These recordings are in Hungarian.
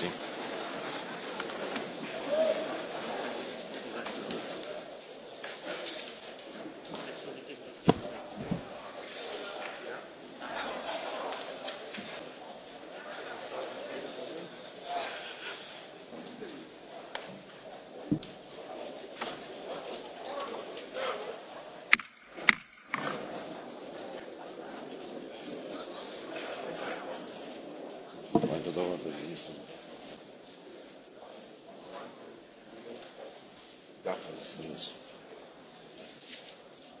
Grazie.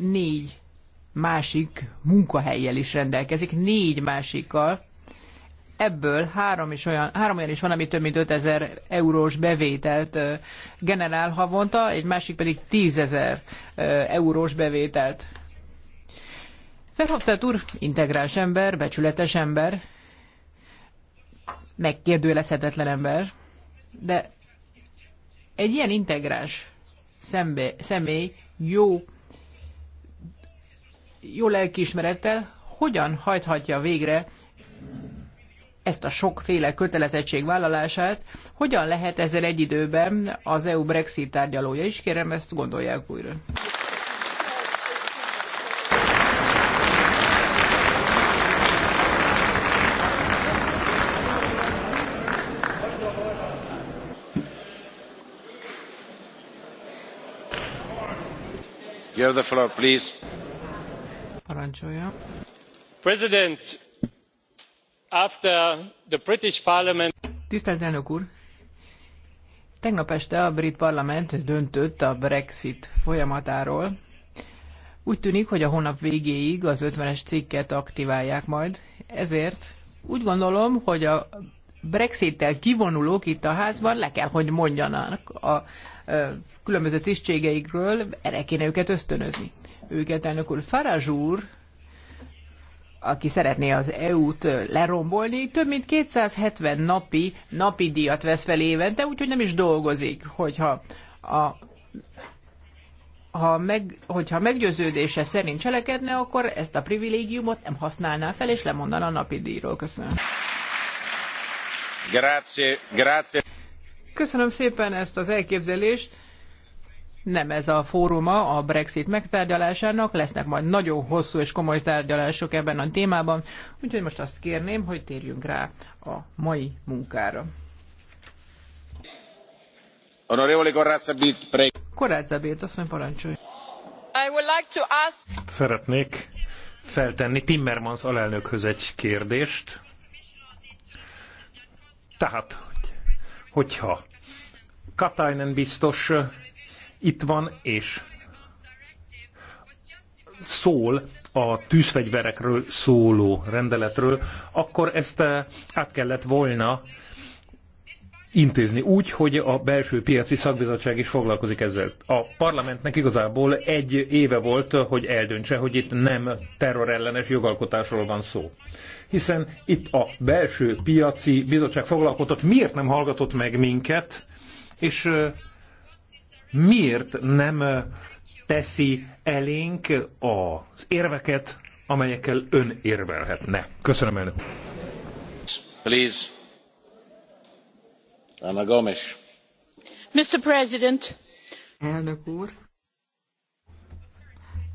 négy másik munkahelyjel is rendelkezik, négy másikkal. Ebből három, is olyan, három olyan is van, ami több mint 5000 eurós bevételt generál havonta, egy másik pedig 10.000 eurós bevételt. Verhofstadt úr integráns ember, becsületes ember, megkérdőjelezhetetlen ember, de egy ilyen integráns szembe, személy jó jó lelkiismerettel hogyan hajthatja végre ezt a sokféle kötelezettség vállalását, hogyan lehet ezzel egy időben az EU Brexit tárgyalója is? Kérem, ezt gondolják újra. You have the floor, please. President, Tisztelt elnök úr! Tegnap este a brit parlament döntött a Brexit folyamatáról. Úgy tűnik, hogy a hónap végéig az 50-es cikket aktiválják majd, ezért úgy gondolom, hogy a Brexit-tel kivonulók itt a házban le kell, hogy mondjanak a, a különböző tisztségeikről, erre kéne őket ösztönözni őket, elnök úr. Farázs úr, aki szeretné az EU-t lerombolni, több mint 270 napi, napi díjat vesz fel évente, úgyhogy nem is dolgozik, hogyha a ha meg, hogyha meggyőződése szerint cselekedne, akkor ezt a privilégiumot nem használná fel, és lemondaná a napi díjról. Köszönöm. Grazie, grazie. Köszönöm szépen ezt az elképzelést nem ez a fóruma a Brexit megtárgyalásának, lesznek majd nagyon hosszú és komoly tárgyalások ebben a témában, úgyhogy most azt kérném, hogy térjünk rá a mai munkára. Honorevole azt mondja, parancsolj. I would like to ask... Szeretnék feltenni Timmermans alelnökhöz egy kérdést. Tehát, hogyha Katainen biztos itt van és szól a tűzfegyverekről szóló rendeletről, akkor ezt eh, át kellett volna intézni úgy, hogy a belső piaci szakbizottság is foglalkozik ezzel. A parlamentnek igazából egy éve volt, hogy eldöntse, hogy itt nem terrorellenes jogalkotásról van szó. Hiszen itt a belső piaci bizottság foglalkozott, miért nem hallgatott meg minket, és eh, miért nem teszi elénk az érveket, amelyekkel ön érvelhetne. Köszönöm elnök. Please. Anna Gomes. Mr. President. Elnök úr.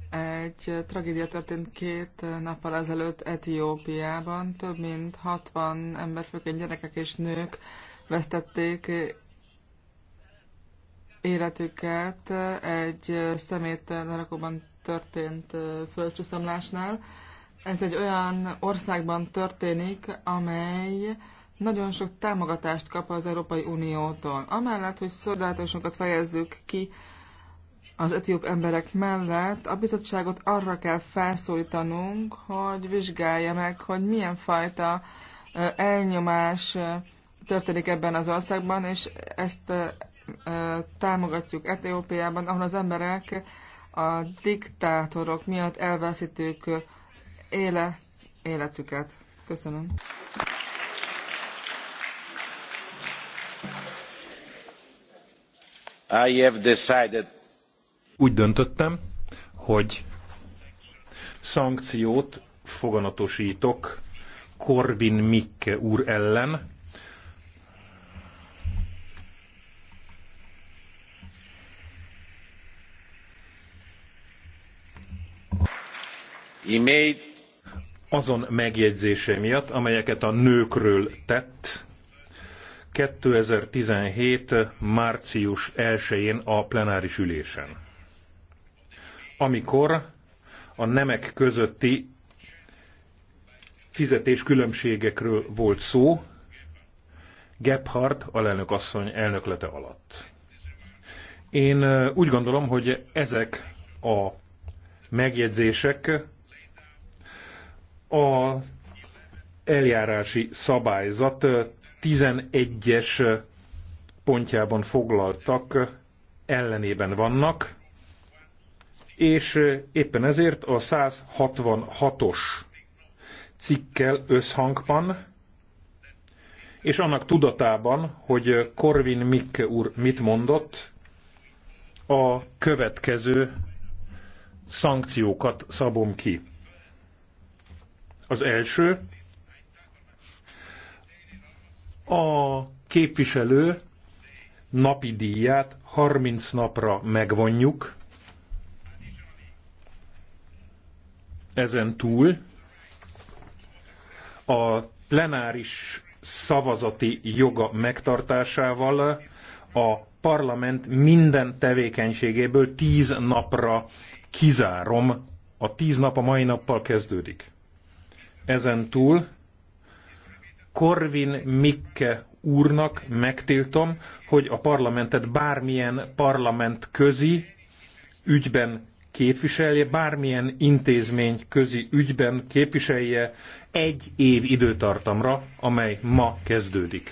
Egy tragédia történt két nappal ezelőtt Etiópiában. Több mint 60 ember, főként gyerekek és nők vesztették életüket egy szeméttel rakóban történt földcsúszomlásnál. Ez egy olyan országban történik, amely nagyon sok támogatást kap az Európai Uniótól. Amellett, hogy szolidaritásunkat fejezzük ki az etióp emberek mellett, a bizottságot arra kell felszólítanunk, hogy vizsgálja meg, hogy milyen fajta elnyomás történik ebben az országban, és ezt támogatjuk Etiópiában, ahol az emberek a diktátorok miatt elveszítők éle, életüket. Köszönöm. I have decided. Úgy döntöttem, hogy szankciót foganatosítok Korvin Mikke úr ellen, azon megjegyzése miatt, amelyeket a nőkről tett 2017. március 1-én a plenáris ülésen, amikor a nemek közötti fizetéskülönbségekről volt szó, Gebhardt alelnök asszony elnöklete alatt. Én úgy gondolom, hogy ezek a megjegyzések a eljárási szabályzat 11-es pontjában foglaltak ellenében vannak, és éppen ezért a 166-os cikkel összhangban, és annak tudatában, hogy Korvin Mikke úr mit mondott, a következő szankciókat szabom ki. Az első, a képviselő napi díját 30 napra megvonjuk, ezen túl a plenáris szavazati joga megtartásával a parlament minden tevékenységéből 10 napra kizárom. A 10 nap a mai nappal kezdődik. Ezen túl Korvin Mikke úrnak megtiltom, hogy a parlamentet bármilyen parlament közi ügyben képviselje, bármilyen intézmény közi ügyben képviselje egy év időtartamra, amely ma kezdődik.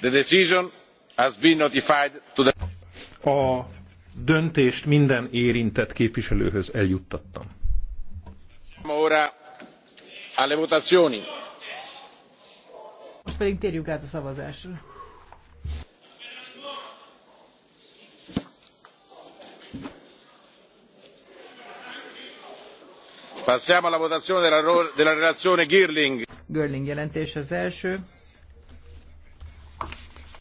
The decision a döntést minden érintett képviselőhöz eljuttattam. Most pedig térjük át a szavazásra. Passiamo jelentés az első.